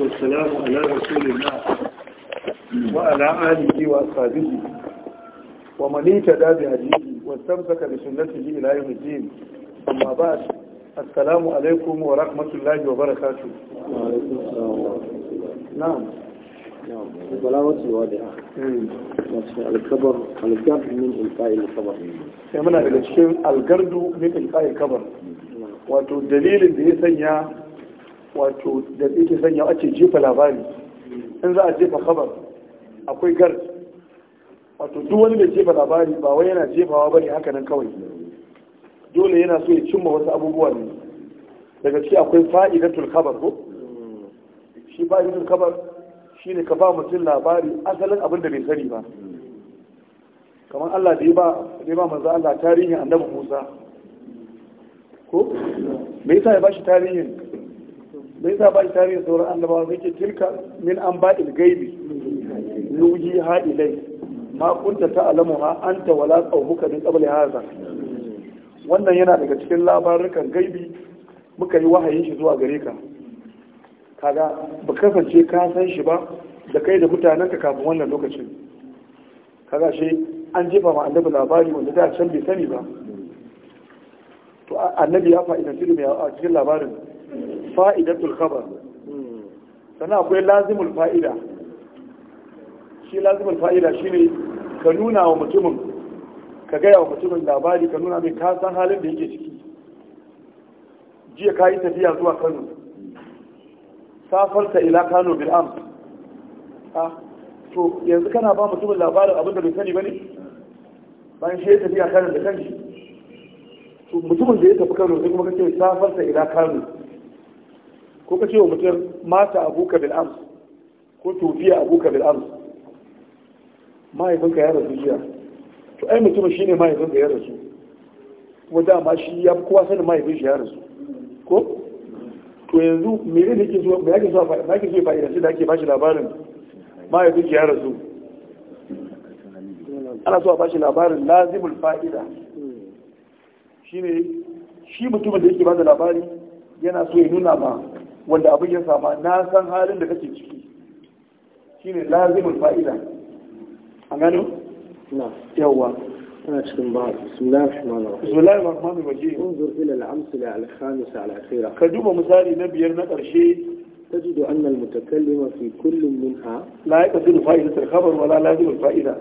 والسلام على رسول الله وعلى آله وأصحابه ومن اهتدى بهديه واستمسك بسنته إلى يوم الدين أما بعد السلام عليكم ورحمة الله وبركاته نعم السلام ورحمة الله نعم البلاغة الواضحة الكبر الجرد من إلقاء الكبر يا منا إلى الشيء الجرد من إلقاء الكبر wato dalilin da ya sanya wato da ke sanya ake jefa labari in za a jefa kabar akwai gar wato duk wani mai jefa labari ba wai yana jefawa bane haka nan kawai dole yana so ya cimma wasu abubuwa ne daga ciki akwai fa'idatul kabar ko shi fa'idatul Shi shine ka ba mutum labari asalin abin da bai sani ba kamar Allah da ya ba da ya ba manzo Allah tarihin annabi Musa ko me yasa ya bashi tarihin mai yasa ba shi tarihin sauran annaba zai ce tilka min an ba'il gaibi nuji ha ilai ma kunta alamu ha anta wala qawmuka din qabli hadha wannan yana daga cikin labarukan gaibi muka yi wahayin shi zuwa gare ka kaga ba kasance ka san shi ba da kai da mutanen ka kafin wannan lokacin kaga shi an jefa ma annabi labari wanda da can bai sani ba to annabi ya fa'ida cikin labarin fa'idatul khabar sannan akwai lazimul fa'ida shi lazimul fa'ida shi ne ka nuna wa mutumin ka gaya wa mutumin labari ka nuna mai kasan halin da yake ciki jiya ka yi tafiya zuwa kano safarta ila kano bil am ah, to yanzu kana ba mutumin labarin abin da bai sani ba ne bayan shi ya tafiya kano da kanshi mutumin da ya tafi kano sai kuma kake safarta ila kano ko ka ce wa mutum mata abuka bil ams ko tufiya abuka bil ams mahaifinka ya rasu jiya to ai mutum shine mahaifinka ya rasu kuma dama shi ya kowa sanin mahaifin shi ya rasu ko to yanzu me ne yake so me yake so me yake so shi da ake bashi labarin mahaifin shi ya rasu ana so a bashi labarin lazimul fa'ida shine shi mutumin da yake ba da labari yana so ya nuna ma wanda abin ya sama na san halin da kake ciki shine lazimin fa'ida A gano na yawa أنا أشكم بعض بسم da الرحمن الرحيم بسم الله الرحمن misali na biyar na ƙarshe. على الأخيرة kullum تجد أن المتكلم في كل منها لا يقصد فائدة الخبر ولا لازم الفائدة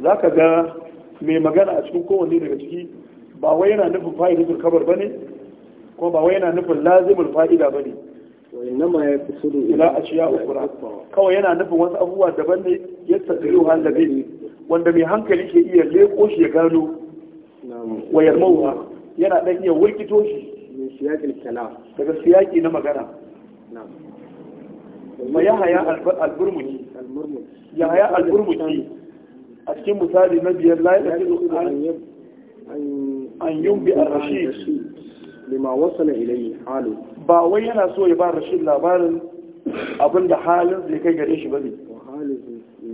ذاك ga mai magana a cikin kowanne daga ciki ba wai yana nufin fa'idar kabar bane ko ba wai yana nufin lazimul fa'ida bane wa fi yaqsudu ila ashiya ukura kawai yana nufin wasu abubuwa daban ne ya hal da bai wanda mai hankali ke iya leko shi ya gano wayar yarmauha yana ɗan iya wurkito shi daga siyaki na magana ma ya haya alburmuki ya haya alburmuki a cikin misali na biyar la an yumbi a rashid lima wasala ilayhi halu ba wai yana so ya ba rashin labarin abinda halin zai kai gare shi bane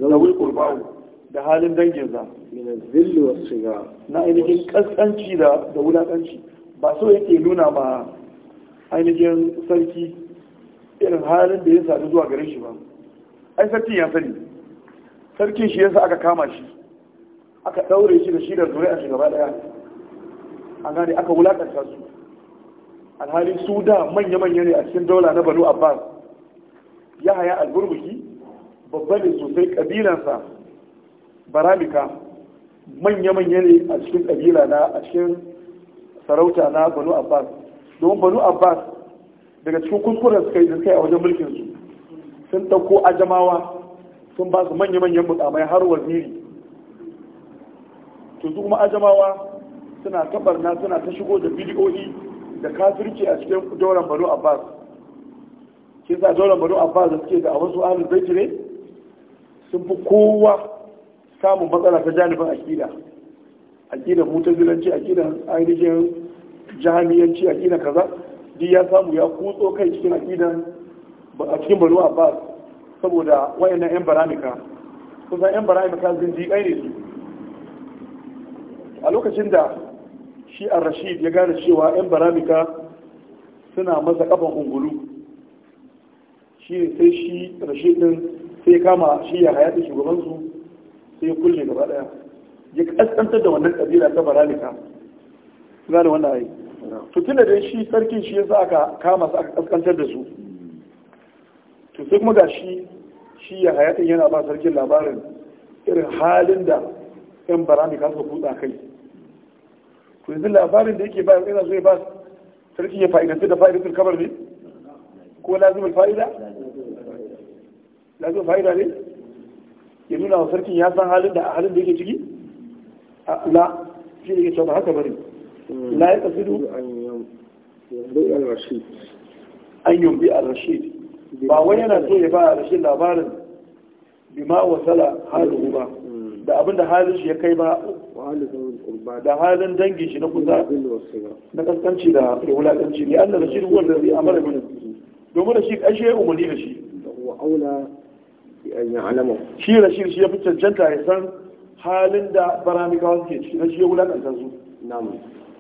zawul qurbahu da halin dangin za. min az-zill wa shiga na ainihin kaskanci da da wulakanci ba so yake nuna ma ainihin sarki irin halin da ya sadu zuwa gare shi ba ai sarkin ya sani sarkin shi yasa aka kama shi aka daure shi da shi da zuri'a shi gaba daya an gane aka wulakanta su alhali su da manya-manya ne a cikin daula na banu abbas ya haya alburbuki babba ne sosai kabilansa baramika manya-manya ne a cikin kabila na a cikin sarauta na banu abbas domin banu abbas daga cikin kuskuren suka yi a wajen mulkinsu sun ɗauko ajamawa sun ba su manya-manyan mukamai har waziri to kuma ajamawa suna tabarna suna ta shigo da bidiyoyi da kafirci a cikin dauran banu abbas kin sa dauran banu abbas da suke da a wasu ahlul baiti ne sun fi kowa samun matsala ta janibin akida akidar mutazilanci akidar ainihin jami'anci akidar kaza duk ya samu ya kutso kai cikin akidar a cikin banu abbas saboda wayannan yan baramika kusan yan baramika zindiƙai ne su a lokacin da shi a rashid ya gane cewa 'yan baramika suna masa kafan ungulu shi ne sai shi rashid din sai kama shi ya hayata shugabansu sai ya kulle gaba daya ya kaskantar da wannan kabila ta baramika suna da wannan ayi to tun da shi sarkin shi yasa aka kama su aka kaskantar da su to sai kuma ga shi shi ya hayata yana ba sarkin labarin irin halin da 'yan baramika suka kutsa kai to yanzu labarin da yake ba yana so ya ba sarki ya fa'idantu da sun kamar ne ko lazimul fa'ida lazimul fa'ida ne ya nuna wa sarkin ya san halin da a halin da yake ciki la shi ne ya cewa ba haka bari hmm. la ya du an bi al-rashid ba wani yana so ya ba al-rashid labarin ma wasala halin ba hmm. da abinda halin shi ya kai ba da halin dangin shi na kusa na kaskanci da wulakanci ne Allah da shi ruwan da zai amara bin domin da shi kashe umarni da shi shi da shi shi ya fi cancanta ya san halin da baramikawa suke ciki na shi ya wulakanta su Wala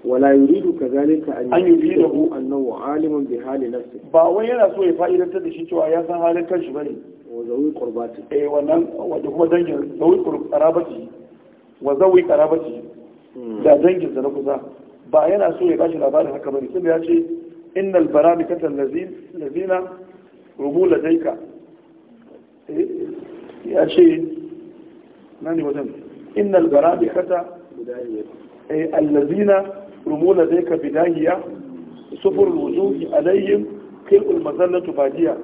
ولا يريد كذلك أن يريده أنه عالم بحال Ba باوي yana so ya fa'idantar da shi cewa ya san halin kanshi bane wa zawi qurbati eh wannan wanda kuma dangin zawi qurbati wa zawi karabati da dangin sa na kusa ba yana so ya bashi labarin haka bane tunda ya ce innal barabikata allazina rumu ladaika eh, ya ce nani wajen innal barabikata eh, allazina rumu ladaika bidahiya sufur wujuhi alayhim kil'ul mazallatu badiya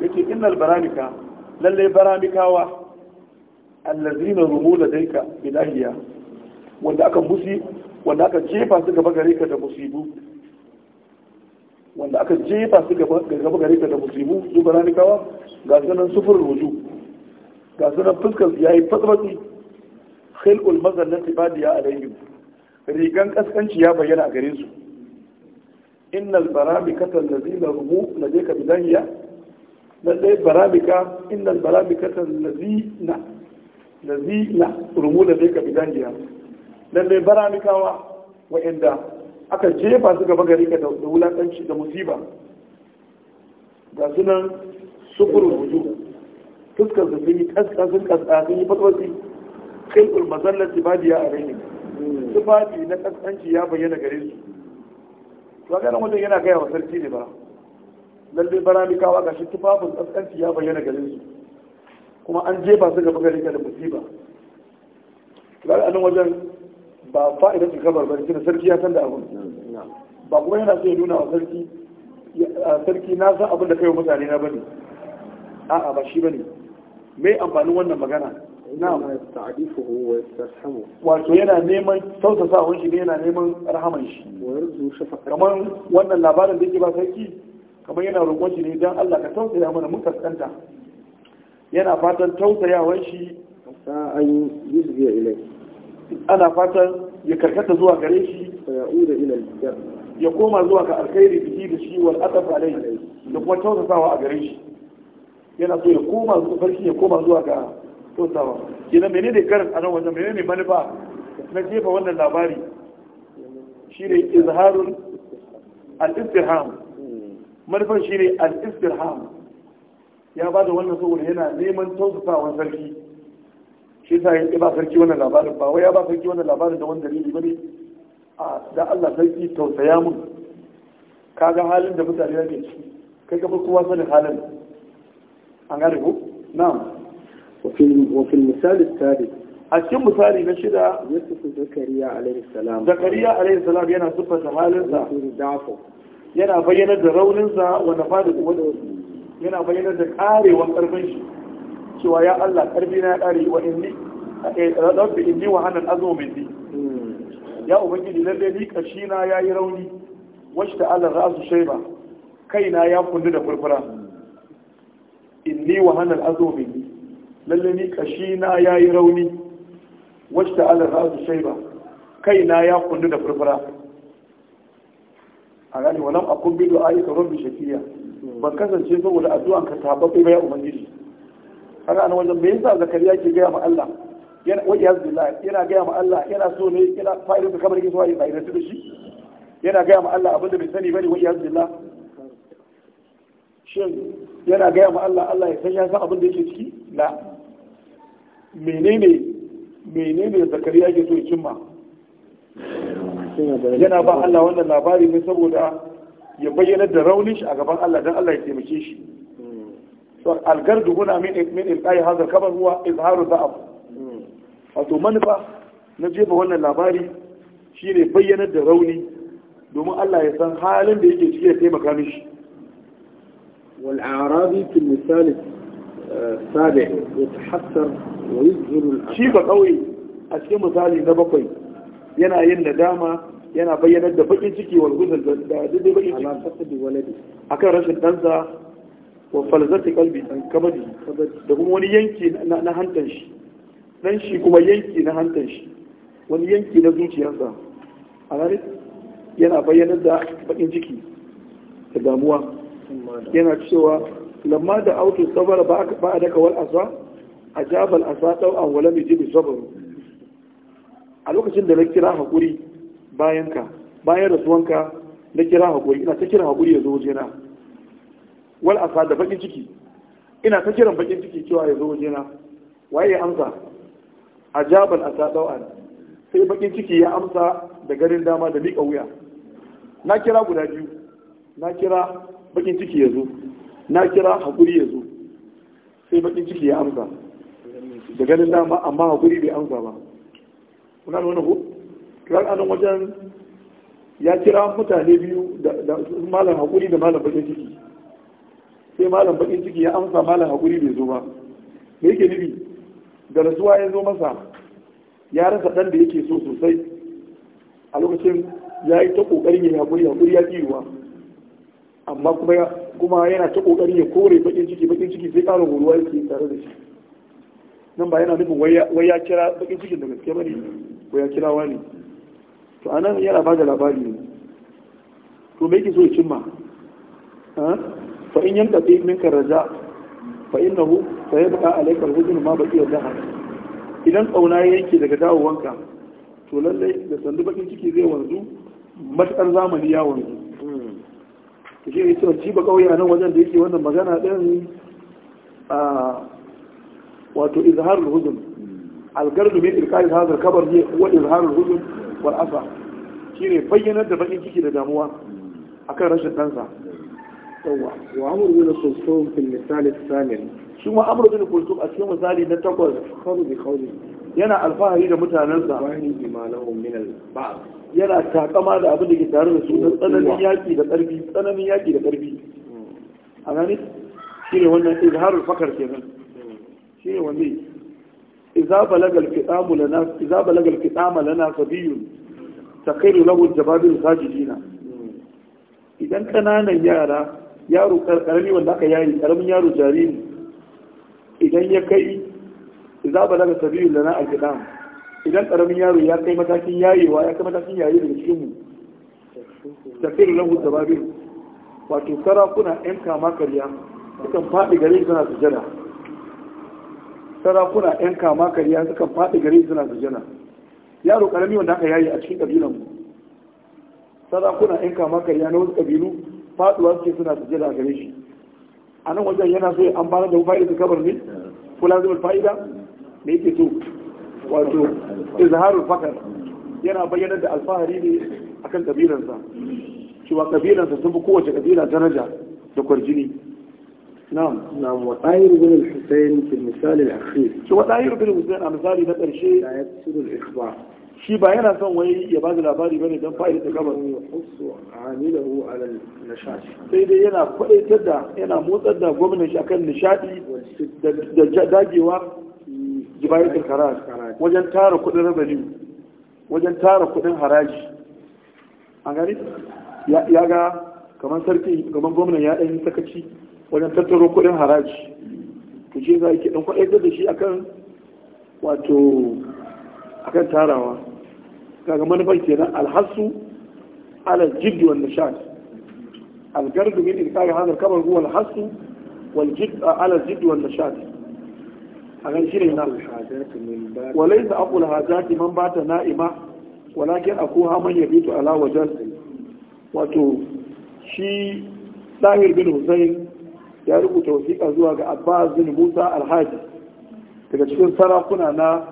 yake innal baramika lalle baramikawa allazina rumu ladaika ilahiya wanda aka musi wanda aka jefa su gaba gare ka da musibu wanda aka jefa su gaba gare ka da musibu su baranikawa ga sunan sufur ruju ga sunan fuskar yayi fatfatsi khilqul mazallati badiya alaihim rigan kaskanci ya bayyana a gare su innal barabika allazina rumu ladaika bidahiya lallai barabika innal barabika allazina da na rumu da zai kafi dangiya lallai baramikawa wa'inda aka jefa su gaba gari ka da wulatanci da musiba ga sunan sufurin hudu fuskar da sun yi kaska sun kaska sun yi fatwasi khilkul mazallar tibadiya a rai tufafi na kaskanci ya bayyana gare su to ga nan wajen yana gaya wa sarki ne ba lallai baramikawa ga shi tufafin kaskanci ya bayyana gare su kuma an jefa su gaba gari da musiba a nan wajen ba fa'idar su kabar ba kina sarki ya san da abun ba kuma yana so ya nuna wa sarki sarki na san abin da kai mutane na bane a'a ba shi bane me amfanin wannan magana na ta'difuhu wa yastarhamu wato yana neman sa shi ne yana neman rahaman shi kamar wannan labarin da yake ba sarki kamar yana roƙon shi ne dan Allah ka tausaya mana mun kaskanta yana fatan tausayawar shi sa'an yuzbiya ilai ana fatan ya karkata zuwa gare shi ya koma zuwa ka alkhairi biki da shi wal ataf alai da kuma tausasawa a gare shi yana so ya koma zuwa farki ya koma zuwa ga tausawa. kenan menene karin a nan wajen menene manufa na jefa wannan labari shi ne izharul al-istirham hmm. manufar shi ne al-istirham ya ba da wannan saboda yana neman tausasawa sarki shi sa ya ba sarki wannan labarin ba wai ya ba sarki wannan labarin da wanda dalili bane a da Allah sarki tausaya mun kaga halin da mutane yake ciki kai ka farko wasa da halin an gane ko na'am wa fil wa a cikin misali na shida Ya yusuf zakariya alaihi salam zakariya alaihi salam yana tuffa halin sa yana bayyana da rauninsa sa wanda fadi kuma da wasu yana bayyana da karewar karfin shi cewa ya Allah karfi na ya kare wa inni eh, rabbi inni wa hannun azu minni hmm. ya ubangiji lalle ni kashi na yi rauni wacce ta Allah ba kai kaina ya kundu da furfura inni wa hannun azu minni lalle ni kashi na yi rauni wacce ta Allah ba kai kaina ya kundu da furfura a gani walam akun bi du'a ayi ka rabbi shakiya ban kasance saboda addu'an ka tababbe ba ya ubangiji kaga nan wajen me yasa zakariya ke gaya ma Allah yana wa iyaz billah yana gaya ma Allah yana so ne yana fa'idu kamar yake yayi ya da shi yana gaya ma Allah abinda bai sani bane wa iyaz billah shin yana gaya ma Allah Allah ya san ya san abin da yake ciki la menene menene zakariya ke so ya cimma yana ba Allah wannan labari ne saboda ya bayyana da raunin shi a gaban Allah dan Allah ya taimake shi hmm. algardu huna min min ilqai hadha kabar huwa izharu da'af hmm. wato manufa na jefa wannan labari shine bayyana da rauni domin Allah ya san halin da yake cike ya taimaka mishi wal a'rabi fi misal eh, sabi yatahassar wa yuzhiru al shi ba a cikin misali na bakwai yana yin nadama yana bayyanar da bakin ciki wal gudun da dai bakin ciki akan rashin ɗansa wa falzati kalbi dan kabadi da kuma wani yanki na hantar shi dan shi kuma yanki na hantar shi wani yanki na zuciyarsa a ranar yana bayyanar da bakin ciki da damuwa yana cewa lamma da auto sabar ba a daka wal asa a jabal asa ɗau an wala mai jibi sabaru a lokacin da na kira haƙuri bayan ka bayan rasuwanka na kira haƙuri ina ta kira haƙuri ya zo wajena wal asa da bakin ciki ina ta kiran bakin ciki cewa ya zo wajena waye ya amsa a jabal asa ɗau'an sai bakin ciki ya amsa da garin dama da miƙa wuya na kira guda biyu na kira bakin ciki ya zo na kira haƙuri ya zo sai bakin ciki ya amsa da ganin dama amma haƙuri bai amsa ba kuna nuna ko kiran anan wajen ya kira mutane biyu da malam hakuri da malam bakin ciki sai malam bakin ciki ya amsa malam hakuri bai zo ba me yake nufi da rasuwa ya zo masa ya rasa dan da yake so sosai a lokacin ya yi ta kokarin ya hakuri hakuri ya kiwa amma kuma yana ta kokarin ya kore bakin ciki bakin ciki sai karin ruwa yake tare da shi nan ba yana nufin wai ya kira bakin cikin da gaske bane ko ya kira wani to anan yana ba da labari ne to me yake so ya cimma fa in yanka bi minka raja fa innahu sayabqa alayka alhuzn ma baqiya dahar idan kauna yake daga dawowanka to lallai da sandu bakin ciki zai wanzu matakar zamani ya wanzu to shi ne cewa ci ba kauye a nan wajen da yake wannan magana din a wato izharul hujum algardu min ilqai hadha al-kabar ne wa izharul hujum wal asa ne bayyanar da bakin ciki da damuwa akan rashin dansa yawa wa amru bin sulsum fil misal al-thamin shi ma amru bin sulsum a cikin misali na takwas kawu bi kawu yana alfahari da mutanensa wani imanahum min al yana takama da abin da ke tare da su tsananin yaki da karfi tsananin yaƙi da ƙarfi. a gani ne wannan izharul fakar kenan shi ne wanne iza balagal kitamu lana sabiyun ta kai da sabiyun takairu lahu jababil sajidina idan kananan yara yaro karami wanda aka yari karamin yaro jariri idan ya kai iza balaga sabiyun lana alkitam idan karamin yaro ya kai matakin yayewa ya kai matakin yayi da cikin mu da lahu jababil wato sarakuna yan kama karya sukan faɗi gare suna sujada sarakuna yan kama kariya suka faɗi gari suna sujana yaro karami wanda aka yayi a cikin kabilan mu sarakuna yan kama kariya na wasu kabilu faɗuwa suke suna sujana a gare shi a nan wajen yana so an bada da fa'ida kabar ne ko lazimul fa'ida me yake so wato izharul fakar yana bayyana da alfahari ne akan kabilansa cewa kabilansa sun fi kowace kabila daraja da kwarjini نعم نعم وطاير بن الحسين في المثال الأخير شو وطاير بن الحسين shi ba yana son wai ya ba da labari bane don fa'ida ta gaba ya husu amilahu ala nashati sai dai yana kwadaitar da yana motsar da gwamnati shi akan nishadi da dagewa jibayar karar wajen tara wajen tara kudin haraji an gani ya ga kamar gwamnati ya dan yi sakaci wajen tattaro kuɗin haraji ku ce za ki ɗan kwaɗe da shi akan wato akan tarawa kaga manufar kenan alhassu ala jiddi wal nishad algardu min ilkaga hadar kamar huwa alhassu wal jidd ala jiddi wal nishad a gan shi ne na walai da aqul hajati man bata na'ima walakin akuha man yabitu ala wajhi wato shi Dahir bin Hussein ya rubuta wasiƙa zuwa ga abbas bin musa alhaji daga cikin sarakuna na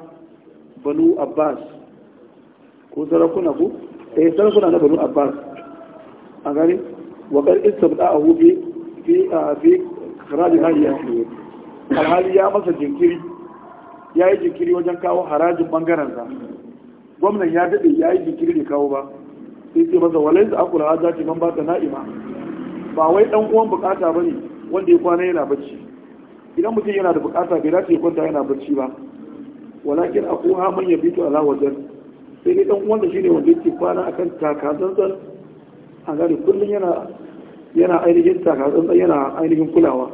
banu abbas ko sarakuna ku eh sarakuna na banu abbas a gani wakar da a hubi fi a fi ah, haraji fiye alhali ya masa jinkiri ya yi jinkiri wajen kawo harajin bangarensa gwamnan ya daɗe ya yi jinkiri da kawo ba sai ce masa walai da akula hajjaci man ba ta na'ima ba wai ɗan uwan bukata ba ne wanda ya kwana yana bacci idan mutum yana da bukata bai dace ya kwanta yana bacci ba walakin akuha man yabitu ala wajen sai dai dan wanda shine wanda yake kwana akan takatsantsan a gari kullum yana yana ainihin takatsantsan yana ainihin kulawa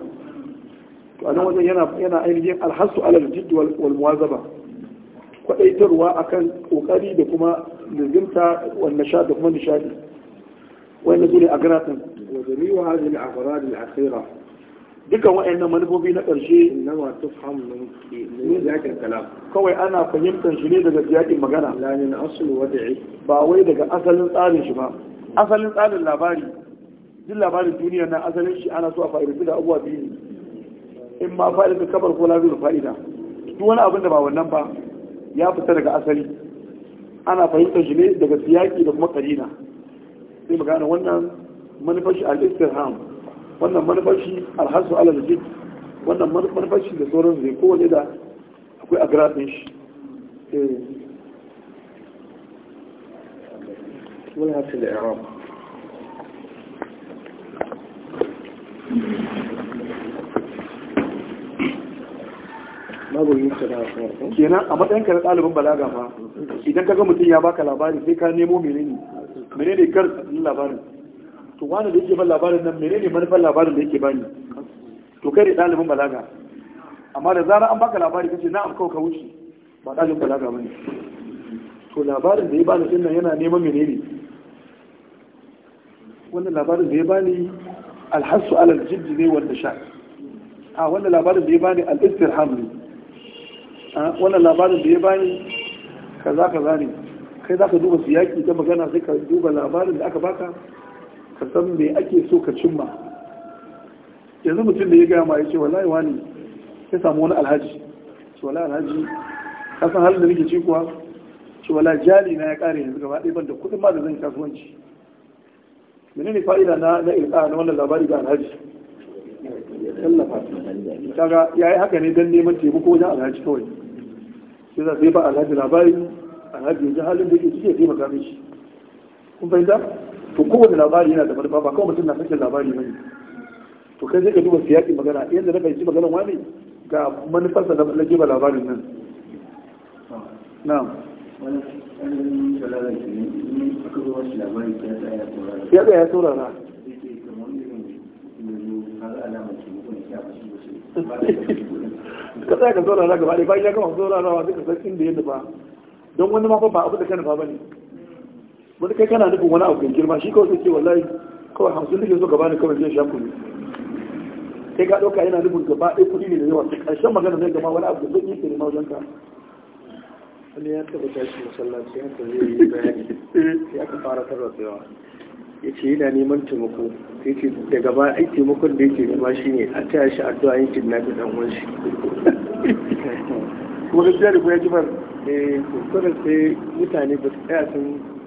to a nan wajen yana yana ainihin alhasu alal jidd wal muwazaba kwadaitarwa akan kokari da kuma lazimta wal nashad da kuma nishadi wannan sune a garatin wa jami'u hadhihi al-afrad al-akhirah dukkan wa'annan manufofi na ƙarshe nama tufham min zakin kalam kawai ana fahimtar shi ne daga siyaƙin magana ba wai daga asalin tsarin shi ba asalin tsarin labari duk labarin duniya na asalin shi ana so a fa'idanci da abubuwa biyu in ma fa'ida kabar ko da fa'ida duk wani abin da ba wannan ba ya fita daga asali ana fahimtar shi ne daga siyaƙi da kuma ƙarina sai magana wannan manufar shi al-istirham wannan manufashi alhassu ala da jid wannan manufashi da sauran zai kowane da akwai agrafin shi eh. kenan a matsayin ka na ɗalibin balaga ma idan ka ga mutum ya baka labari sai ka nemo menene menene kar labarin to wani da yake ban labarin nan menene manufar labarin da yake bani to kai da ɗalibin balaga amma da zarar an baka labari kace na amkau ka wuce ba ɗalibin balaga bane to labarin da ya bani din nan yana neman menene wannan labarin da ya bani alhassu alal jiddi ne wanda sha a wannan labarin da ya bani al-istirham ne wannan labarin da ya bani kaza kaza ne kai zaka duba siyaki ta magana sai ka duba labarin da aka baka ka san me ake so ka cimma yanzu mutum da ya gaya ya ce wallahi wani ya samu wani alhaji ce wallahi alhaji ka san halin da nake ci kuwa ce wallahi jali na ya kare yanzu gaba ɗaya banda da kuɗin ma da zan kasuwanci ne fa'ida na na ilka na wannan labari ga alhaji kaga ya yi haka ne dan neman taimako wajen alhaji kawai sai za sai ba alhaji labari alhaji ya ji halin da yake ciki ya taimaka mishi kun fahimta to kowane labari yana da manufa ba kawai mutum na sakin labari bane to kai zai ka duba siyaki magana yadda na fahimci maganar wani ga manufarsa na lage ba labarin nan na'am ya ga ya saurara ka tsaya ka saurara gaba ɗaya bayan ya gama saurarawa duka san inda ya nufa don wani ma ba abu da ka nufa ba ne wani kai kana nufin wani abu girma shi kawai sai ce wallahi kawai hamsin nake so gaba kawai zai sha kuɗi sai ka ɗauka yana nufin gaba ɗaya kuɗi ne da yawa ƙarshen magana zai gama wani abu da zai ke nema wajen ka wani ya taɓa tashi masallaci haka zai yi bayani sai aka fara tarwatsewa ya ce yana neman taimako ya ce daga ba ai taimakon da yake nema shi ne a taya shi addu'a yin kidnapping ɗan uwan shi kuma gaskiya da kuma ya ji bar eh to sai mutane ba su tsaya sun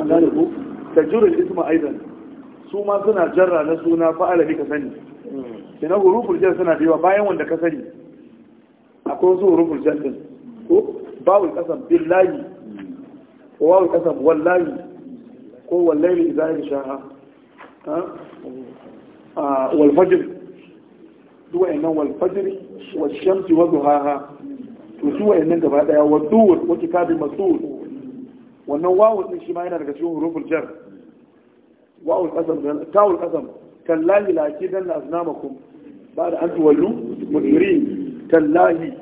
an gane ku isma aidan su ma suna jarra na suna fa'ala bi ka sani kina hmm. hurufu jar suna da yawa bayan wanda ka sani akwai wasu hurufu jar din ko bawul qasam billahi ko wawul qasam wallahi ko wallahi idza insha ha a ah, wal fajr duwa innan wal fajr wal shamsi wa duhaha to su wa'annan gaba daya wa duwa wa kitabi masud wannan wawul din shi ma yana daga cikin huruful jar wawul qasam tawul qasam tallahi la dan aznamakum da an tuwallu mudiri tallahi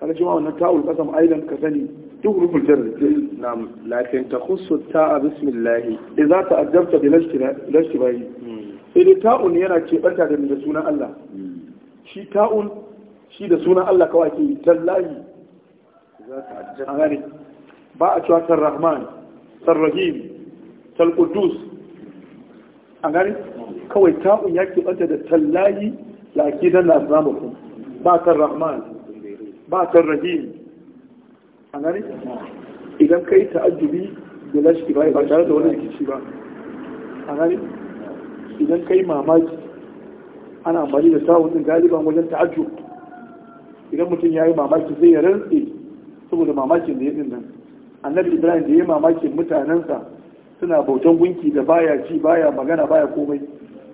Kana shi ma wannan tawul qasam aidan ka sani duk huruful jar na'am lakin takhussu ta'a bismillah idza ta'ajjabta bil ishtibai hmm. sai dai ta'un yana ce barka da da sunan Allah hmm. shi ta'un shi da sunan Allah kawai ke tallahi za ta ba a cewa tarrahman tarrahim talqudus a gani kawai ta'un ya ɓanta da tallahi lakidan na zamakon ba tarrahman ba tarrahim a gani idan ka yi ta'ajjubi da lashi ba ba tare da wani rikici ba a gani idan ka yi mamaki ana amfani da ta'un din galiban wajen ta'ajjub idan mutum ya yi mamaki zai ya rantse saboda mamakin da yadda nan annabi ibrahim da ya mamakin mutanensa suna bautan gunki da baya ci baya magana baya komai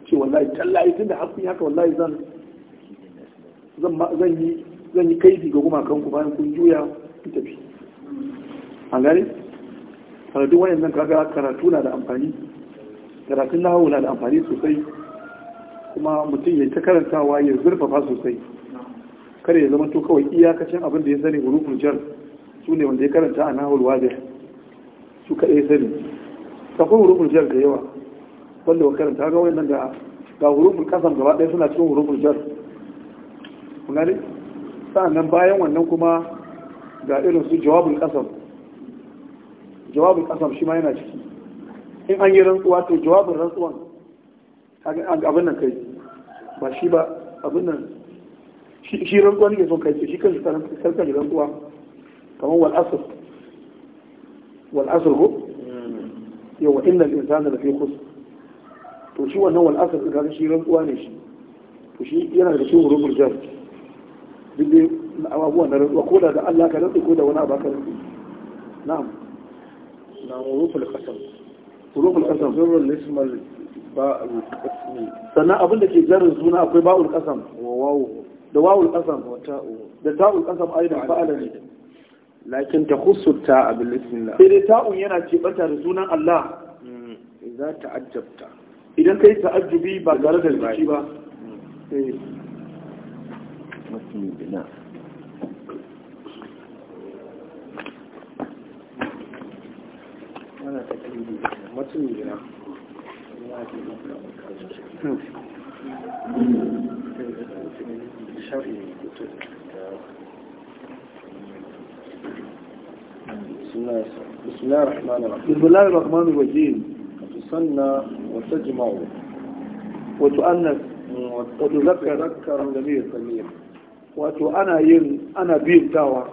ce wallahi tallahi da hakun haka wallahi zan zan yi zan yi kaifi ga gumakan ku bayan kun juya ku tafi an gane karatu zan kaga karatu na da amfani karatun nahawu na da amfani sosai kuma mutum ya ta karantawa ya zurfafa sosai kare ya zama to kawai iyakacin abin da ya sani hurufun jar su ne wanda ya karanta a nahul wadir su kaɗai sani ta kuma hurufin jar da yawa wanda wa karanta ga wayannan da ga hurufin kasan gaba ɗaya suna cikin hurufin jar kuna ne sa'annan bayan wannan kuma ga irin su jawabin kasan jawabin kasan shi ma yana ciki in an yi rantsuwa to jawabin rantsuwan abin nan kai ba shi ba abin nan shi rantsuwa ne ke son kai shi kan shi karkar rantsuwa هو الأصل والأصل هو هو إن الإنسان لفي خسر تشوف أنه الأصل إذا هذا الشيء غلط وأنا شيء تشوف أنا تشوف رب الجار بدي أبوه أنا وقول هذا الله كذا يقول وأنا أباك نعم نعم وروح القسم وروح القسم زر الاسم الباء القسم سنة اقول لك هنا زنا باء القسم وواو دواء القسم وتاء دواء القسم أيضا فعلني lakin ta kusurta a bilismillah sai dai ta'un yana cebanta da sunan Allah hmm, za ta ajabta idan kai ta'ajjubi ba tare da zuci ba Thank hmm. eh. you. بسم الله الرحمن الرحيم بسم الله الرحمن الرحيم تصنى وتجمع وتؤنث وتذكر ذكر ضمير ضمير wato ana yin ana biyin dawa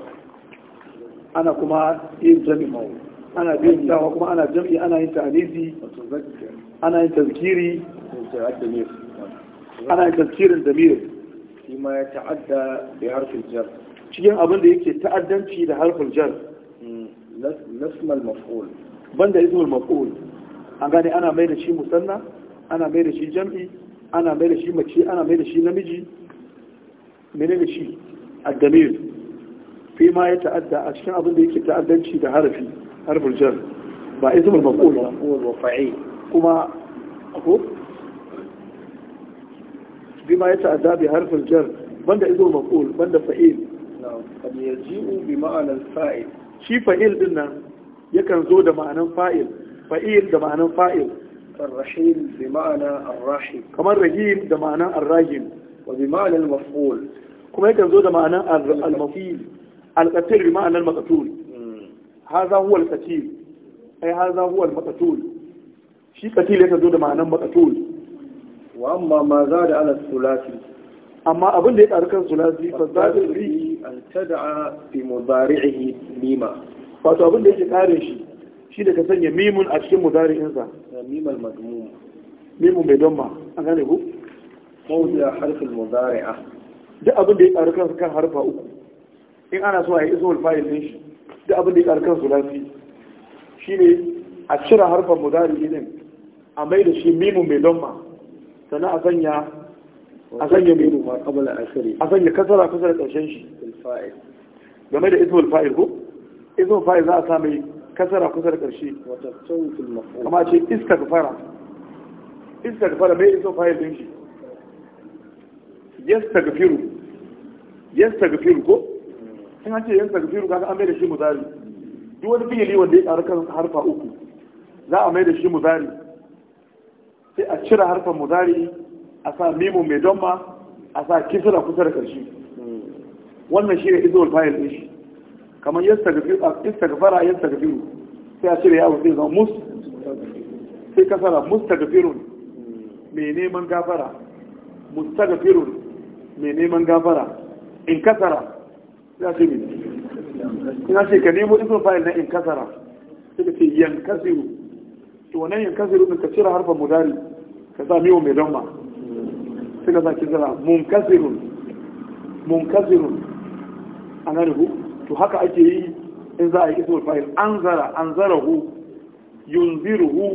ana kuma yin jami'a ana biyin dawa kuma ana jami'i ana yin ta'anisi ana yin tazkiri ana yin tazkirin damir shi ya ta'adda da harfin jar cikin abin da yake ta'addanci da harfin jar نسمى المفعول بند اسم المفعول أغاني أنا مير شي مثنى أنا مير شي جمعي أنا مير شي مكشي أنا مير شي نمجي من شي الدمير فيما يتأدى أشياء أظن ذيك يتأدى شيء تعرفي حرف الجر باسم المفعول المفعول وفعيل كما أقول بما يتأدى بحرف الجر بند اسم المفعول بند فعيل نعم قد يجيء بمعنى الفاعل shi fa’il ɗin nan yakan zo da ma’anin fa’il fa’il da ma’anin fa’il rahim bi ma’ana arrahim kamar rahim da ma’anin arrahim wa bi ma’anin maf'ul kuma yakan zo da ma’anin al-maf'il al-qatil bi ma’anin maqtul hadha hmm. huwa al-qatil ay hadha huwa al-maqtul shi qatil yakan zo da ma’anin maqtul wa amma ma zada amma abin da ya karkan thulathi fa zada riki an tada'a fi mudari'ihi mima wato abin da yake kare shi shi da ka sanya mimun a cikin mudari'insa eh, mimal madmum mimun mai don ma an gane ku mawdi'a harfin mudari'a duk abin da ya karu kansa kan harfa uku in ana so a yi ismul fa'il din shi duk abin da ya karu kansu lafi shine a cire harfan mudari'i a mai da shi mimun mai don ma sannan a sanya a sanya miru ma qabla akhiri a sanya kasara kusa da karshen shi game da ismul fa'il ko ismul fa'il za a sa mai kasara kusa da karshe kama ce iska ka fara iska ka fara mai ismul fa'il din shi yastaghfiru yastaghfiru ko in yasta ce yastaghfiru kaga an mai da shi mudari duk wani fi'ili wanda ya tsara kan harfa uku za a mai da shi mudari sai a cire harfan mudari a sa mimu mai don ma a sa kisra kusa da karshe wannan shi ne izol fayil ɗin shi kamar ga fiye sai a cire yawon sai zama mus sai kasara mus ta fiye mai neman gafara fiye mai neman gafara in kasara sai a mini ina ce ka nemo izol fayil na in kasara sai ka ce yankasiru to wannan yankasiru ka cire harfa mudari ka sa mimu mai don ma. suka sa kizara munkasirun munkasirun an gane ku to haka ake yi in za a yi ismul fa'il an zara an zara hu yunziru hu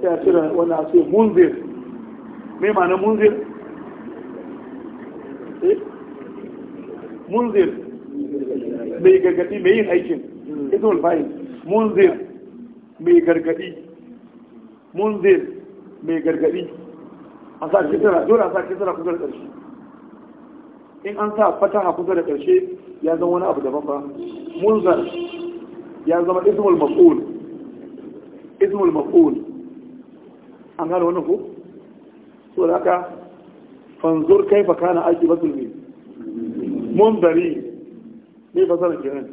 sai a cire wanda a ce munzir me ma'ana munzir eh? munzir mai gargadi mai yin aikin ismul fa'il munzir mai gargadi munzir mai gargadi a sa kisra dole a sa kisra kusa da ƙarshe in an sa a kusa da ƙarshe ya zama wani abu daban ba munzar ya zama ismul maf'ul ismul maf'ul an gane wannan ko so da haka fanzur kaifa kana aqibatul mu'min munzari ne fasara kenan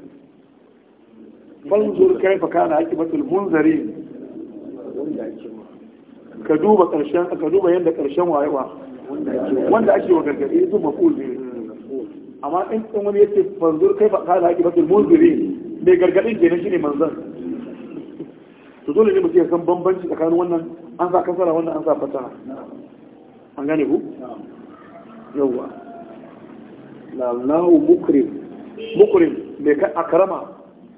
fanzur kaifa kana aiki munzari wanda munzari. ka duba karshen ka duba yadda karshen wayewa wanda ake wa gargaɗi su maful ne amma in in wani yace manzur kai fa da haƙi batul munziri mai gargaɗin kenan shine manzan to dole ne mu ce san bambanci tsakanin wannan an sa kasara wannan an sa fasaha an gane ku yawwa lallahu mukrim mukrim mai akarama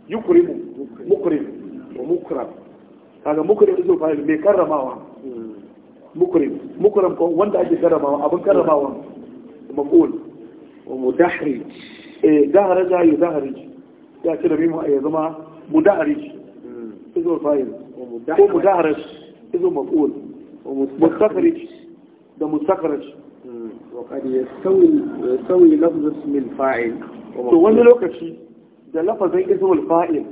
yukrimu mukrim wa mukram kaga mukrim zo fara mai karramawa مكرم مكرم كون وانت اجي كرم ابو كرم او مقول ومدحرج ايه دهرج اي دهرج يا كده بيمو اي زما مدحرج ازو فايل ومدحرج ازو مقول ومستخرج ده مستخرج وقد يستوي يستوي لفظ اسم الفاعل تو وين لوكشي ده لفظ اسم الفاعل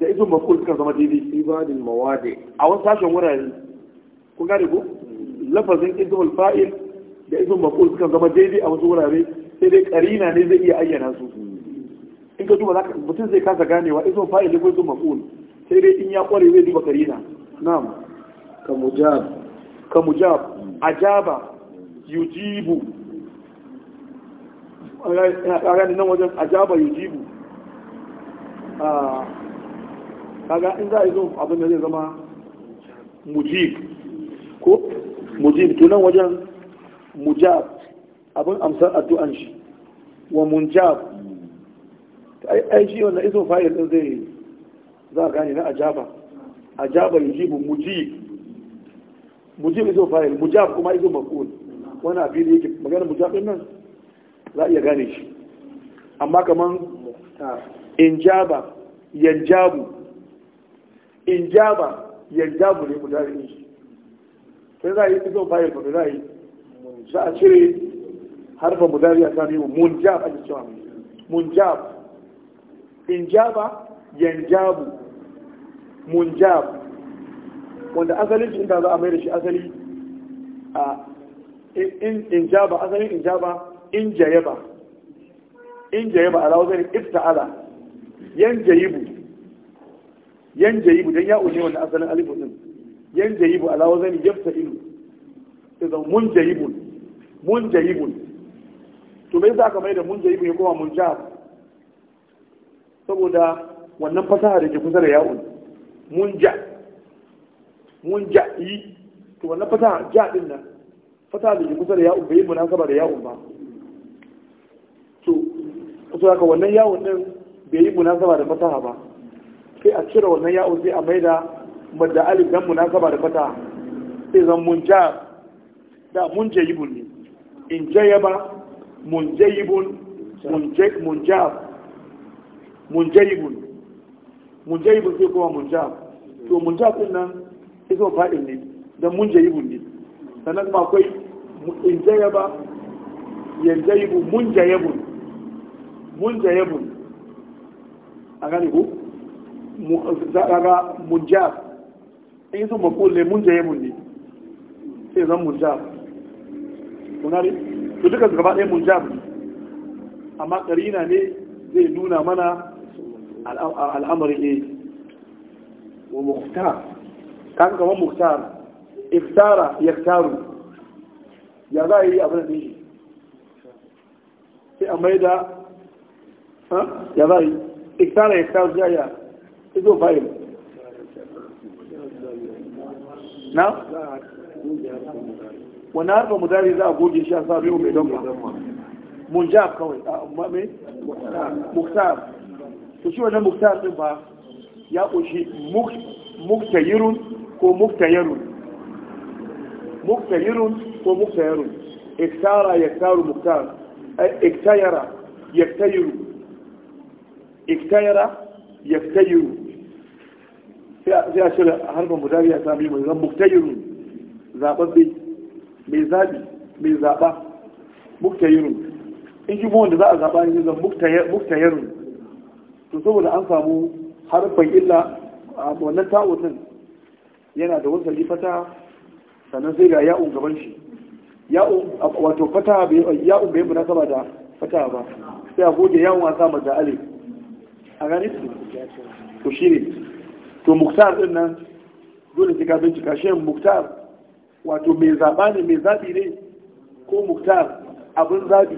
ده اسم مفعول كذا ما دي دي في بعض المواضع او ساشن ورا ku gane ku? lafazin ismul fa'il da ismul maf'ul suka zama daidai a wasu wurare sai dai karina ne zai iya ayyana su in ka duba zaka mutum zai kasa ganewa ismul fa'il ne ko ismul maf'ul sai dai in ya kware zai duba karina na'am ka mujab ka mujab ajaba yujibu a gani nan wajen ajaba yujibu ah, kaga in za a yi zo abin da zai zama mujib ko mujib tunan wajen mujab abin amsar addu'an shi wa munjab ai shi wannan izo fa'il din zai za ka gane na ajaba ajaba yujibu mujib mujib izo fa'il mujab kuma izo maf'ul wani abin da yake magana mujab din nan za a iya gane shi amma kaman injaba yanjabu injaba yanjabu ne mudari shi sai za a yi fito bayan ba za a yi za a cire harfa mudari a sami munjab a cewa munjab injaba yanjabu munjab wanda asalin shi za a mai da shi asali a jaba asalin injaba in jayaba in jayaba ala wajen ifta'ala yan jayibu yan jayibu don ya'u wanda asalin alifu din yan jayibu ala wazani yafta ilu idan mun jayibun mun jayibun to me za ka mai da mun jayibun ya kuma mun jahab saboda wannan fasaha da ke kusa da ya'un mun ja mun ja yi to wannan fasaha ja din nan fasaha da ke kusa da ya'un bai yi munasaba da ya'un ba to so haka wannan ya'un din bai yi munasaba da fasaha ba sai a cire wannan ya'un sai a mai da da alif dan munasaba da fata idan munjab da munjayibun ne in jayaba munje munjab yi munjayibun sai kuma munjab to munjab din nan iso fa'il ne dan munjayibun ne sannan kuma akwai in jayaba yanjayibu munjayabun munjayabun a gane ku zaɓaɓa munjab in sun ba ne mun jaye mun ne sai zan mun munjab kunari to duka gaba ɗaya mun ne amma karina ne zai nuna mana al'amari ne wa muhtar kan kama muhtar iftara yaktaru ya za a yi abin da ne sai a mai da ya za a yi iftara yaktaru ya ya izo fa'il na wani harfa mudari za a goge shi a sa biyu mai damma munjab kawai a mai muktar to shi wannan muktar din ba ya ƙunshi muktayirun ko muktayarun muktayirun ko muktayarun iktara tsaru muktar iktayara yaktayiru iktayara yaktayiru sai a cire harfin mutane a sami mai zan muktayirun zaɓaɓɓe mai zaɓi mai zaɓa muktayirun in ji wanda za a zaɓa ne zan muktayirun to saboda an samu harfin illa a wannan ta'utin yana da wasu lifata sannan sai ga ya'un gaban shi ya'un wato fata ya'un bai munasaba da fata ba sai a goge ya'un a sa mata alif a ganin su to ne. to muktar din nan dole sai ka bincika shi muktar wato mai zaba ne mai zabi ne ko muktar abin zabi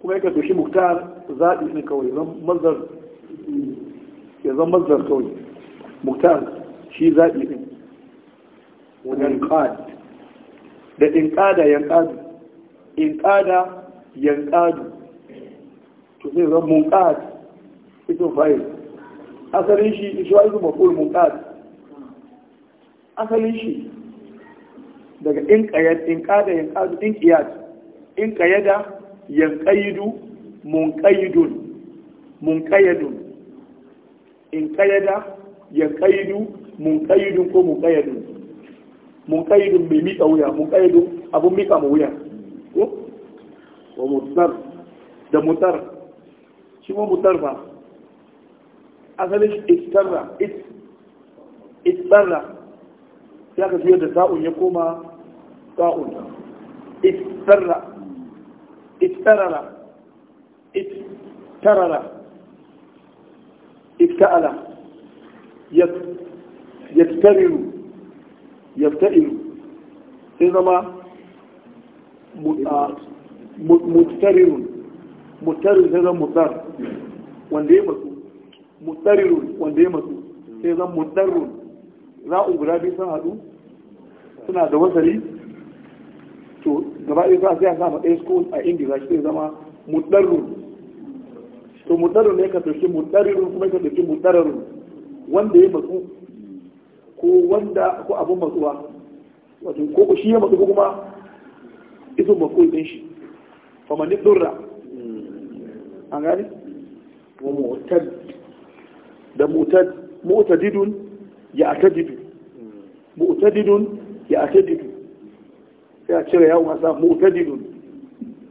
kuma yake to shi muktar zabi ne kawai zan mazar ya zan mazar kawai muktar shi zabi ne wajen kad da in kada yan kadu in kada yan kadu to sai zan mun kad ito fa'il asalin shi ishwa'izu maful munqad asalin shi daga in qayad in qada in qad in qiyad in qayada yanqayidu munqayidun munqayidun in qayada yanqayidu munqayidun ko munqayidun munqayidun bai mika wuya munqayidun abun mika mu wuya ko wa mutar da mutar shi ma mutar ba asalin istarra istarra ya ka fiye da sa'un ya koma sa'un istarra istarara istarara ifta'ala yaftariru yafta'iru sai zama mutarirun mutarirun sai zama mutar wanda ya mutu mutsariru wanda ya matsu sai zan Za a guda biyu sun haɗu suna da wasari to gaba ɗaya za a sai a sa matsayin sukun a indiya shi zai zama mutsarru to mutsarru ne ka ɗauki mutsariru kuma ka ɗauki mutsarru wanda ya matsu ko wanda ko abin matsuwa wato ko shi ya matsu ko kuma ito mafkul ɗin shi famannin ɗurra hmm. an gani wa mu'tad da mu'tadidun ya atadidu mu'tadidun ya atadidu sai a cire yawon wasa mu'tadidun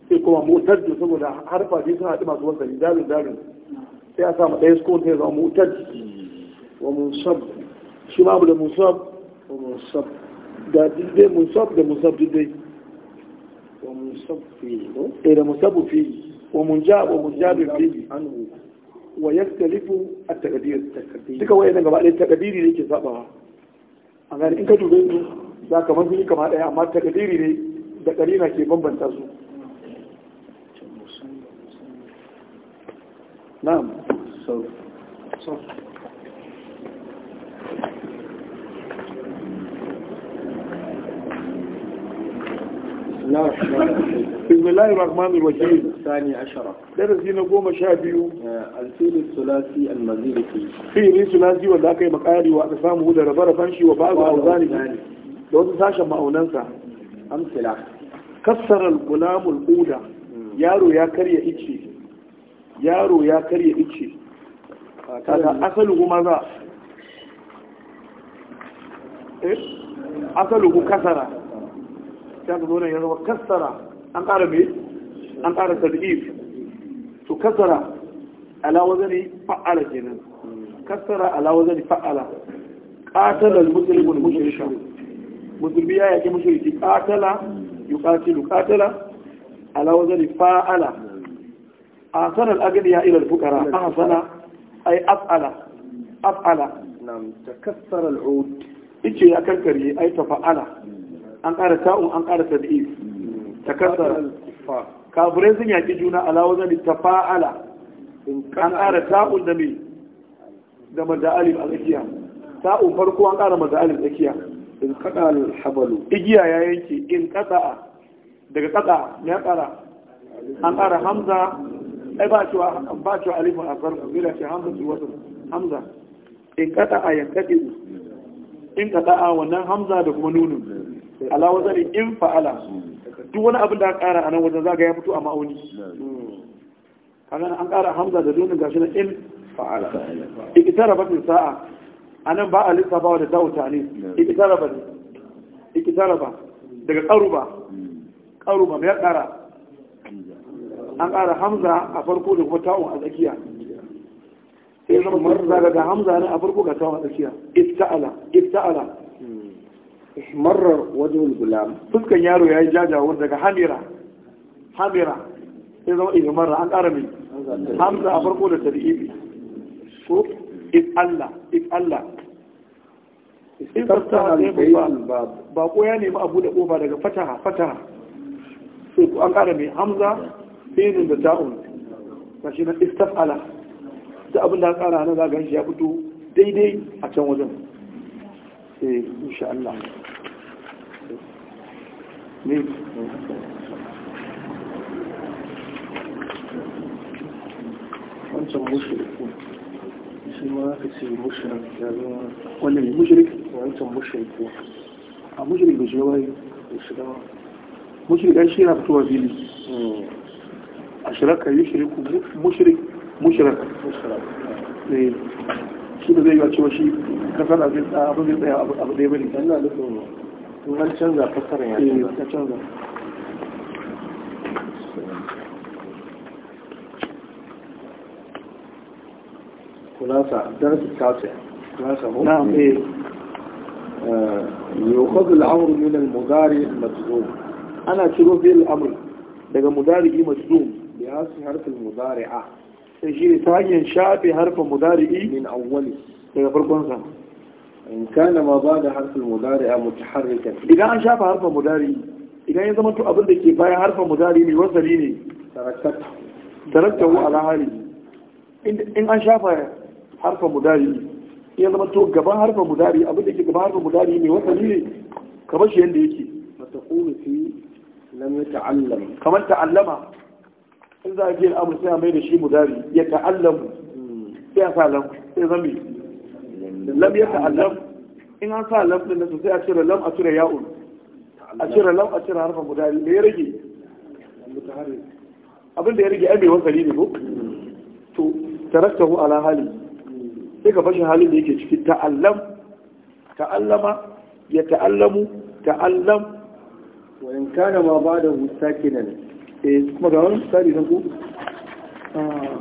sai kuma mu'taddu saboda harfa biyu suna haɗu masu wasanni darin darin sai a samu ɗaya sukun sai zama mu'tad wa musab shi ma abu da musab wa musab da dai musab da musab dai wa musab fi eh, da musab fi wa munjab wa munjab fi anhu wa yaktalifu at-taqdir duka wayan gaba ɗaya taqdiri ne ke sabawa an ga in ka dube su za ka manzuri kama ɗaya amma taqdiri ne da ƙarina ke bambanta su na'am sau بسم الله الرحمن الرحيم بسم الله الرحمن الرحيم الثاني عشر درس هنا قوم شابيو الفيل الثلاثي المزيد فيه فيل الثلاثي وذاك مقاري وأقسامه درب رفنشي وبعض أوزانه لو تساشا مأوننسا أمثلة كسر الغلام الأولى yaro ya karya ice yaro ya karya ice kaga asaluhu maza eh asaluhu kasara kaga zo ne ya zama kasara an ƙara mai an ƙara tadif to kasara ala wazani fa'ala kenan kasara ala wazani fa'ala qatala al-muslimu al-mushrika musulmi ya yake mushriki qatala yuqatilu qatala ala wazani fa'ala sanar al-aghniya ila fukara a ahsana ay af'ala af'ala nam takassara al-ud ice ya kankare ta tafa'ala an ƙara ta'un an ƙara tadif takassara kafirai sun yaki juna ala wajen tafa'ala an ƙara ta'ul da mai da maza alif a tsakiya ta'ul farko an ƙara maza alif tsakiya in kada alhabalu igiya ya yanke in kada daga kada ya ƙara an ƙara hamza ai ba cewa ba cewa alifu a farko bila ce hamza ce wasu hamza in kada a yankade in kada a wannan hamza da kuma nunu ala wajen in fa'ala duk wani abin da aka ƙara a nan wajen za ga ya fito a ma'auni kaga an ƙara hamza da dunin gashi na in fa'ala ikitara batin sa'a a nan ba a lissafawa da ta'uta ne ikitara ba ikitara ba daga ƙaruba ƙaruba mai ƙara an ƙara hamza a farko da kuma ta'u a tsakiya sai zama kamar zaga ga hamza ne a farko ga ta'u a tsakiya ista'ala ista'ala ihmarar wajen gulam fuskan yaro ya yi jajawar daga hamira hamira sai zama ihmarar an ƙara mai hamza a farko da tarihi ko if Allah if Allah in fata ne ba ba ko ya nemi abu da ƙofa daga fataha fataha sai an ƙara mai hamza benin da ta'un ba shi na istaf'ala da abin da ƙara na za shi ya fito daidai a can wajen sai eh, insha Allah ne wancan mushriku shi ma aka ce mushrik ya zama wannan mushrik wancan mushriku a mushrik da shi wai da shi dama mushrik shi yana fitowa a hmm. ashiraka yushriku mushrik mushrik mushrik eh shi da zai ga cewa shi kasar abin da ya tsaya abu ɗaya bane Allah من canza fasarar ya canza خلاصة التاسع خلاصة نعم إيه آه، يؤخذ الأمر من المضارع المجزوم أنا شروع في الأمر لقى مضارع مجزوم بهذه حرف المضارعة تجي ثانيا شاء بحرف مضارع من أوله لقى فرقون in kana ma ba da harfin mudari a mutaharrikan idan an shafa harfin mudari idan ya zama to abin da ke bayan harfin mudari mai wasali ne tarakta hu ala hali in an shafa harfin mudari ya zama to gaban harfin mudari abin da ke gaban harfin mudari mai wasali ne kamar shi yadda yake mataqulu fi lam yata'allam kamar ta'allama in za a ji al'amur sai a mai da shi mudari ya ta'allamu hmm. sai a sa lam sai zambi lam ya ta'allam in an sa lam din nan sai a cire lam a cire ya'un a cire lam a cire harfa mudari me ya rage abin da ya rage ai mai wasali ne ko to taraktahu ala hali sai ka bashi halin da yake ciki ta'allam ta'allama ya ta'allamu ta'allam wa in kana ma ba da sakinan eh kuma ga wani misali na ku ah.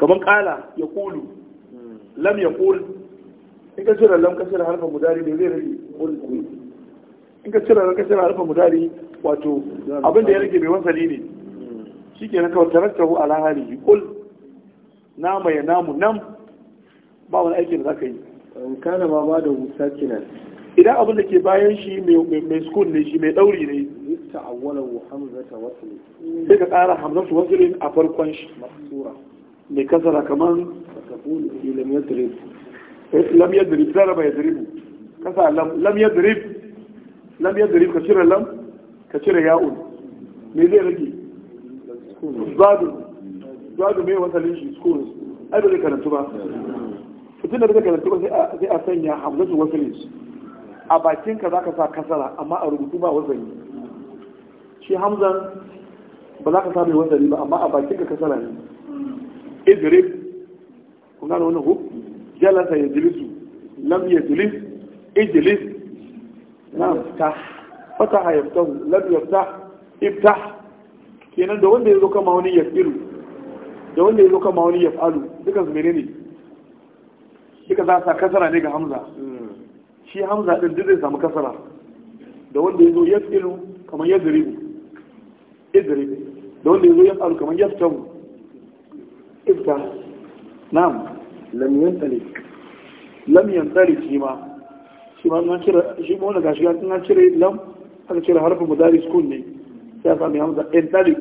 kamar kala ya kulu lam ya ƙul in ka cire lam ka cire harfin mudari ne zai rage ƙul in ka cire lam ka cire harfin mudari wato abin da ya rage mai wasali ne shi ke na kawai taraktahu ala halihi ƙul nama ya namu nam ba wani aiki da za ka yi in kana ma ba da wusa kinan idan abin da ke bayan shi mai sukun ne shi mai ɗauri ne ta awwalahu hamzata wasli sai ka ƙara hamzatu waslin a farkon shi masura mai kasara kamar lam yadrib eh, lam yadrib zaraba yadribu kasa lam yadrib lam yadrib ka cire lam ka cire ya'un me zai rage zadu zadu me wasalin shi sukun ai bai karantu ba fitin da zai karantu ba sai a sanya hamzatu wasalin a bakin ka zaka sa kasara amma a rubutu ba wasali shi hamzan ba za ka sa mai wasali ba amma a bakin ka kasara ne ezere kun na wannan ko jalasa ya jilisu lam ya jilis ijilis na'am fata fataha yaftahu lam yaftah ibta kenan da wanda ya zo kama wani yafiru da wanda ya zo kama wani yafalu dukan su menene duka za sa kasara ne ga hamza hmm. shi hamza din duk zai samu kasara da wanda ya zo yafiru kamar yadribu idrib da wanda ya zo yafalu kamar yaftahu ibta na'am lam yantali lam yantali shi ma shi ma an kira shi ma wanda gashi an kira lam aka kira harfu mudari sukun ne sai aka mai hamza yantali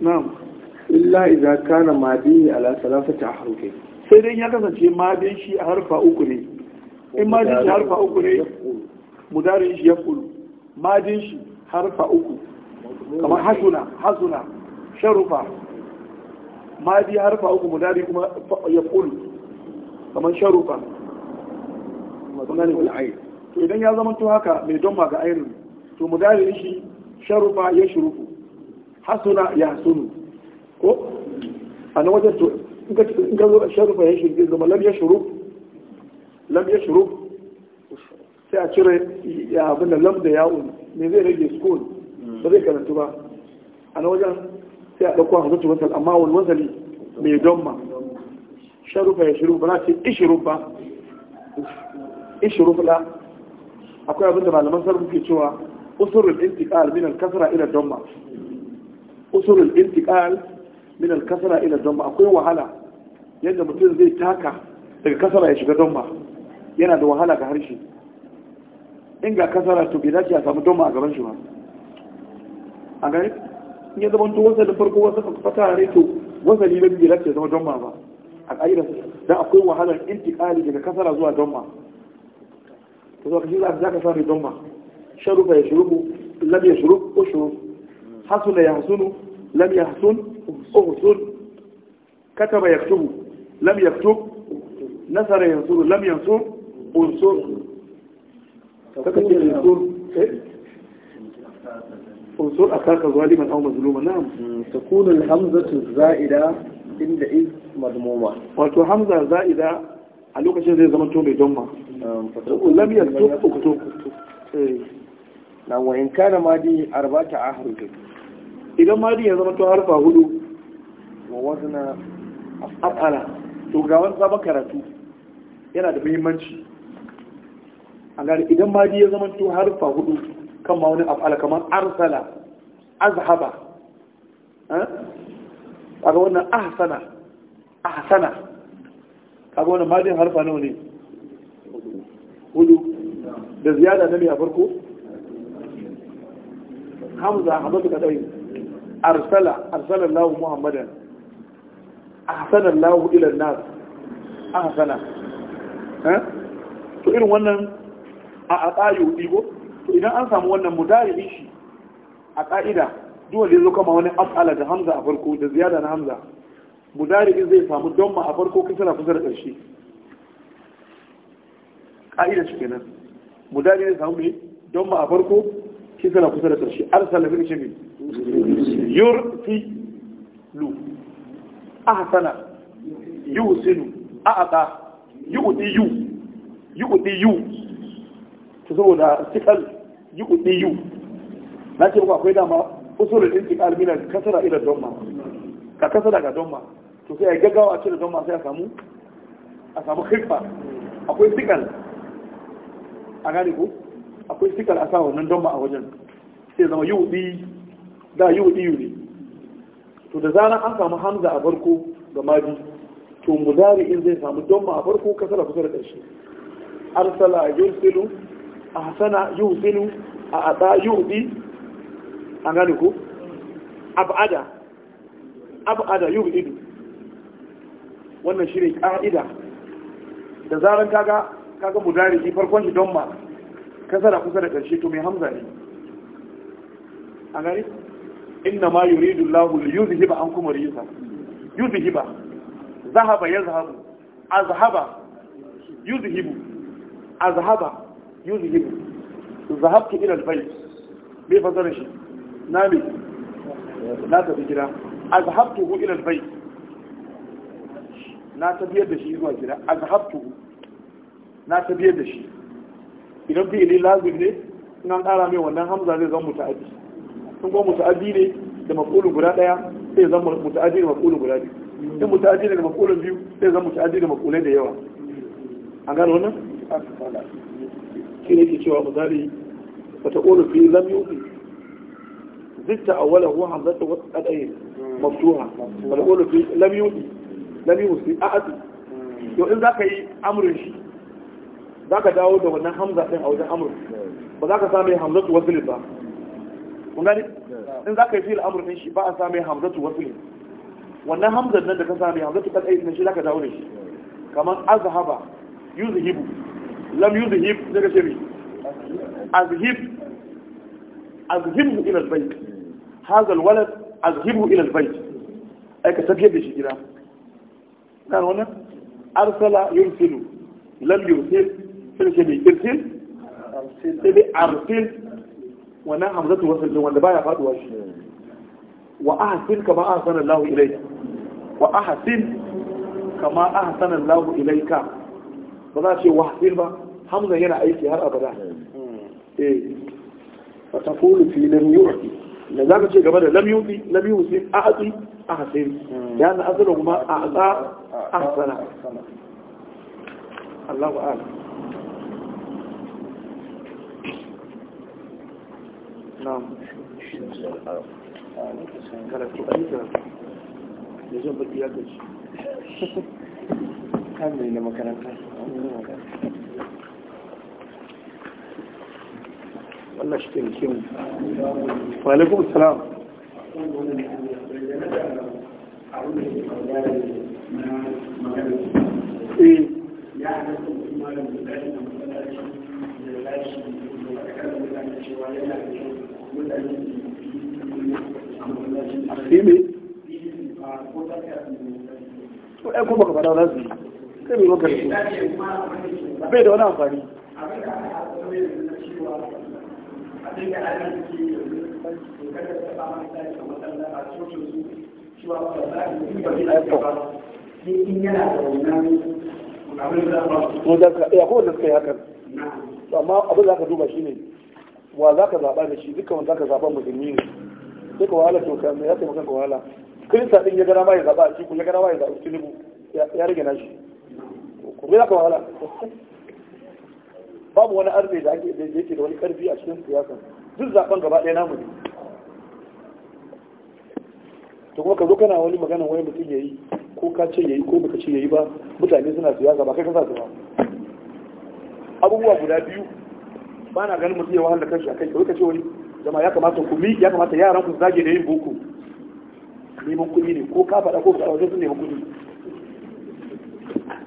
na'am illa idza kana madi ala salasati ahrufi sai dai ya kasance madin shi a harfa uku ne in madin shi harfa uku ne mudari shi ya kulu madin shi harfa uku kamar hasuna hasuna sharufa madi harfa uku mudari kuma ya kul kamar sharufa to idan ya zama to haka mai don ma ga ainihin to mudari shi sharufa ya shurufu hasuna ya sunu ko a na wajen to in ka zo sharufa ya shirgi zama lam ya shuru lam ya shuru sai a cire ya abin da lam da ya'un me zai rage sukun ba zai karantu ba a na wajen sai a ɗauko zuci wasal amma wani wasali mai donma sharufa ya shiru ba na ce ishirufa ba la akwai abinda malaman sarrafa ke cewa usurul intiqal min al-kasra ila donma usurul intiqal min al-kasra ila donma akwai wahala yadda mutum zai taka daga kasara ya shiga donma yana da wahala ga harshe in ga kasara to bai dace a samu donma a gaban shi ba a gani in ya zama wasalin farko wasu fata ne to na biyu lafiyar zama don ba a ƙa'idar da akwai wahalar intiƙali daga kasara zuwa don ma to za shi za ka sami don ma sharufa ya shurufu lam ya shuruf ko shuruf hasuna ya hasunu lam ya hasun ko husun kataba ya ktubu lam ya ktub nasara ya yansuru lam yansur unsur kaka ce yansur unsur a karka zaliman au mazluma na takunu alhamzatu za'ida inda iz madmuma wato hamza za'ida a lokacin zai zama to mai domma lam yaktub uktub na wa in kana madi arbata ahruj idan madi ya zama harfa hudu wa wazna afala to ga wani karatu yana da muhimmanci a idan madi ya zama harfa hudu kan ma wani af'ala kamar arsala azhaba kaga wannan ahsana ahsana kaga wannan madin harfa nawa ne hudu da ziyada na mai a farko hamza hamadu ka tsaye arsala arsala lahu muhammadan ahsana lahu ila nas to irin wannan a to idan an samu wannan mudari shi a ka'ida duwa da zo kama wani af'ala da hamza a farko da ziyada na hamza mudari'in zai samu don ma a farko kisra kusa da ƙarshe ka'ida shi kenan mudari zai samu ne don ma a farko kisra kusa da ƙarshe arsala bin shi yurfi lu ahsana yusinu a'ata yu'ti yu yu'ti yu to saboda sikal yi kuɗi yu na ce ba akwai dama usulul intiqal min al-kasra ila donma ka kasara ga donma to sai ya gaggawa a cikin donma sai a samu a samu khilfa akwai sikal a gane ko akwai sikal a sa wannan donma a wajen sai zama yuɗi da yuɗi ne to da zaran an samu hamza a farko ga maji to mudari in zai samu donma a farko kasara kusa da ƙarshe arsala yursilu a hasana yi husinu a ata yi hufi a gane ku abada abada yi hudu wannan shirin ka'ida da zarar kaga kaga mudariki farkon shi don ma kasara kusa da karshe to mai hamza ne a gane inna ma yuridu lahu li yuzhiba ankum rijsa yuzhiba zahaba yazhabu azhaba yuzhibu azhaba yuzhibu zahabtu ila albayt bai fasara shi na me na tafi gida azhabtuhu ila albayt na tafi da shi zuwa gida azhabtuhu na tafi da shi idan fi'ili lazim ne in an ƙara mai wannan hamza zai zama muta'addi in kuma muta'addi ne da mafulun guda ɗaya sai zama muta'addi da mafulun guda biyu in muta'addi da mafulun biyu sai zama muta'addi da mafulai da yawa an gano wannan shi ne ke cewa misali wata ƙorafi lam ofi zitta a wala huwa hamzata wata ƙaɗayin maftuha wata ƙorafi lam yufi lam ofi a asu yau in za ka yi amurin shi za ka dawo da wannan hamza ɗin a wajen amurin ba za ka same hamzatu wasu ba kun gani hmm. in za ka yi fiye amurin shi ba a same hamzatu wasu wannan hamzan nan da ka same hamzatu ƙaɗayin shi za ka dawo da shi hmm. kamar azhaba yuzhibu lam yuzhib daga ce azhib azhibhu ila albayt hadha alwalad azhibhu ila albayt ai ka tafiyar da shi gida kan wannan arsala yursilu lam yursil sai ce bi irsil sai bi arsil wannan hamzatu wasal din wanda baya faduwa shi wa ahsin kama ahsana Allah ilayka wa ahsin kama ahsana Allah ilayka ba za a ce wahsin ba حمزة هنا عيسي هر أبدا نعم. إيه. فتقول في لم يؤدي لذلك شيء قبل لم يؤدي لم يؤدي أعدي أحسن لأن أذنهما أعداء أحسن الله أعلم نعم كانت رؤيتها يجب أن يأتي كان لما كانت رؤيتها Allah shi taimake mu wa alaikum eh. eh, ka faɗa kai mai wakar su, da wani amfani. sai da ana ke yanzu kada ta ba mai tashi matsala a cikin su cewa ba za a yi ba zai ba sai in yana da wannan abin da ba Ya kowanne eh, suka yi hakan. Amma abin da ka duba shi ne wa za ka zaɓa da shi dukkan wanda ka zaɓa musulmi ne sai ka wahala to kan ya taimaka ka wahala kirista din ya gara ma ya zaɓa a cikin ya gara ma ya zaɓa tinubu ya rage na shi ku za ka wahala babu wani arme da ake da yake da wani karfi a cikin siyasa duk zaben gaba ɗaya namu ne to kuma ka zo kana wani magana wani mutum yayi ko ka ce yayi ko baka ce yayi ba mutane suna siyasa ba kai ka sa su ba abubuwa guda biyu ba na ganin mutum ya wahala kanshi akai ko ka ce wani jama'a ya kamata ku mi ya kamata yaran ku zage da yin boko neman kuɗi ne ko ka faɗa ko ka wajen sun neman kuɗi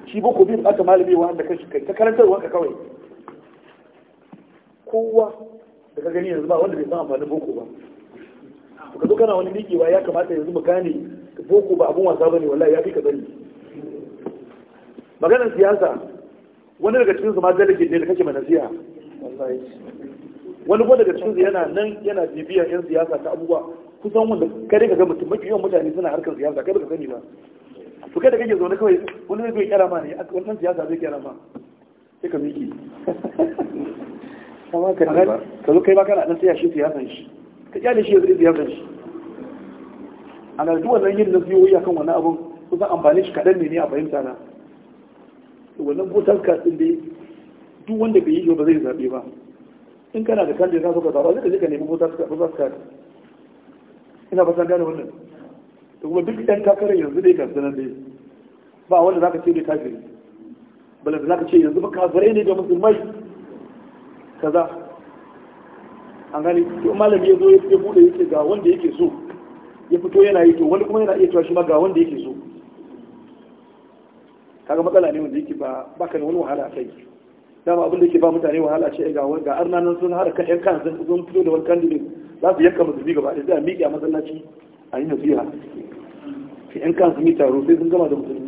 shi boko da aka malami wa da kanshi kai ta karantarwa ka kawai kowa da ka gani yanzu ba wanda bai san amfanin boko ba ka zo kana wani miƙewa ya kamata yanzu mu gane boko ba abun wasa bane wallahi ya fi ka bari maganar siyasa wani daga cikin su ma dalage ne da kake mana siya wani kuma daga cikin su yana nan yana bibiyar yan siyasa ta abubuwa kusan wanda kare ka ga mutum mafi yawan mutane suna harkar siyasa kai baka sani ba to kai da kake zaune kawai wani zai kira ma ne wannan siyasa zai kira ma sai ka miki ka zo kai ba kana dan tsaya shi san shi ka kyale shi ya zai san shi a na duk wannan yin nasiyoyi akan wannan abun kusan amfani shi kaɗan ne ne a fahimta na wannan voter card din dai duk wanda bai yi ba zai zaɓe ba in kana da kan da za ka zaɓa zai ka nemi voter card ina ba san gane wannan da kuma duk ɗan takarar yanzu dai gasu nan dai ba wanda za ka ce dai kafiri bala za ka ce yanzu ba kafirai ne ga musulmai kaza an gani to malami ya zo ya bude yake ga wanda yake so ya fito yana yi to wani kuma yana iya tashi shi ma ga wanda yake so kaga matsala ne wanda yake ba baka wani wahala a kai dama abin da yake ba mutane wahala ce ga ga arna nan sun hada kan yan kan sun fito da wani candidate za su yanka musu gaba da sai a miƙe a masallaci a yi nasiha sai yan kan su mi taro sai sun gama da musulmi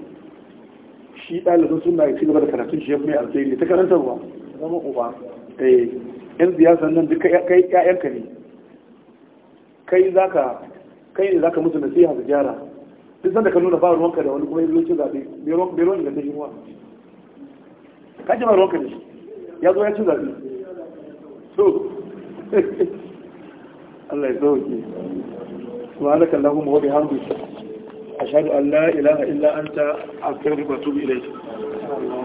shi ɗalibin suna ya ci gaba da karatun shi ya fi mai alkhairi ta karantarwa zama uba eh yan siyasan nan duka kai ƴaƴanka ne kai zaka kai ne zaka musu nasiha da gyara duk sanda ka nuna ba ruwanka da wani kuma yanzu ci zaɓe bai ruwan da ta shi ka ji ba ruwanka da shi ya zo ya ci zaɓe so Allah ya zo ke subhanaka allahumma wa bihamdika ashhadu an ilaha illa anta astaghfiruka wa atubu